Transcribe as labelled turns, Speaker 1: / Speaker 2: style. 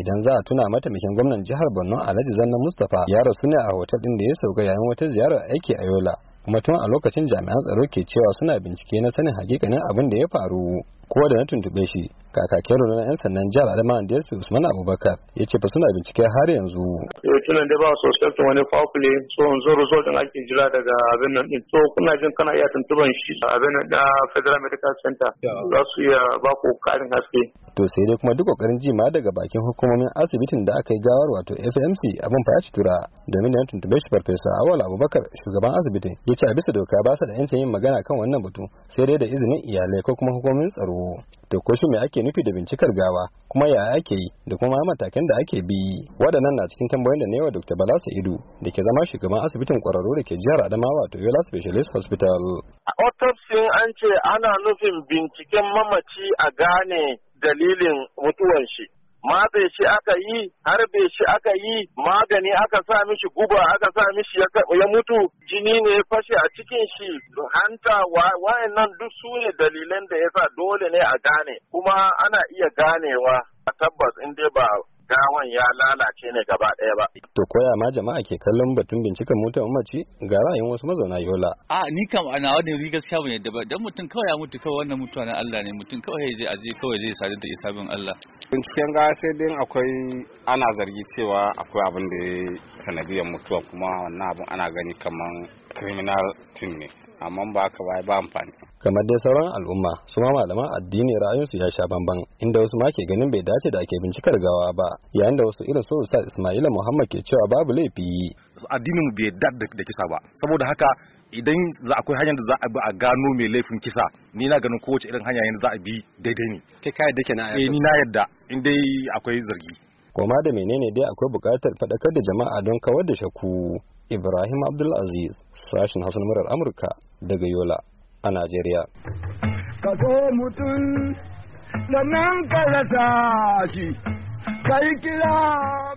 Speaker 1: idan za a tuna mataimakin gwamnan jihar borno alhaji zanna mustapha ya rasu ne a hotel din da ya sauka yayin wata ziyarar aiki a yola kuma tun a lokacin jami'an tsaro ke cewa suna bincike na sanin hakikanin abin da ya faru ko da na tuntube shi kakakin rundunar 'yan sannan jihar adama da yasfi usman abubakar ya ce fa suna bincike har yanzu.
Speaker 2: eh tunan da ba su sosai wani fakule so yanzu result din ake jira daga abin nan din so kuna jin kana iya tuntuban shi abin nan da federal medical center za su iya ba ku karin haske.
Speaker 1: to sai dai kuma duk kokarin ji ma daga bakin hukumomin asibitin da aka yi gawar wato fmc abin fa ya ci tura domin da na tuntube shi farfesa awal abubakar shugaban asibitin ya ce a bisa doka ba su da 'yancin yin magana kan wannan batu sai dai da izinin iyalai ko kuma hukumomin tsaro. tsaro to ko shi me ake nufi da bincikar gawa kuma ya ake yi da kuma matakan da ake bi waɗannan na cikin tambayoyin da newa dr bala sa'idu da ke zama shugaban asibitin kwararru da ke jihar adamawa to yola specialist hospital
Speaker 2: autopsy an ce ana nufin binciken mamaci a gane dalilin mutuwan shi matse shi aka yi harbe shi aka yi magani aka sa mishi guba aka sa mishi ya mutu jini ne ya fashe a cikin shi hanta nan duk su ne dalilan da sa dole ne a gane kuma ana iya ganewa a tabbas in dai ba gawan ya lalace ne gaba ɗaya ba.
Speaker 1: To koya ma jama'a ke kallon batun binciken mota, Umarci, ga ra'ayin wasu mazauna Yola.
Speaker 2: A ni kam ana wani ri gaskiya ne yadda dan mutum kawai ya mutu kawai wannan mutuwa na Allah ne mutum kawai zai aje kawai zai sadu da isabin Allah.
Speaker 1: Binciken ga sai dai akwai ana zargi cewa akwai abin da ya sanadiyar mutuwa kuma wannan abin ana gani kaman criminal team ne amma ba haka ba ba amfani. kamar dai sauran al'umma su ma malaman addini su ya sha bamban inda wasu ma ke ganin bai dace da ake bincikar gawa ba yayin da wasu irin su Ustaz Ismaila Muhammad ke cewa babu laifi
Speaker 2: addinin bai dace da kisa ba saboda haka idan za akwai hanyar da za a bi a gano mai laifin kisa ni na ganin kowace irin hanya yanzu za a bi daidai ne kai ka yadda kenan eh ni na yadda in dai akwai zargi
Speaker 1: koma da menene dai akwai bukatar faɗakar da jama'a don kawar da shaku Ibrahim Abdulaziz sashen Hassan Murar Amurka daga Yola a Najeriya.
Speaker 2: Ka so mutum da nan ka rasa shi, ka yi kira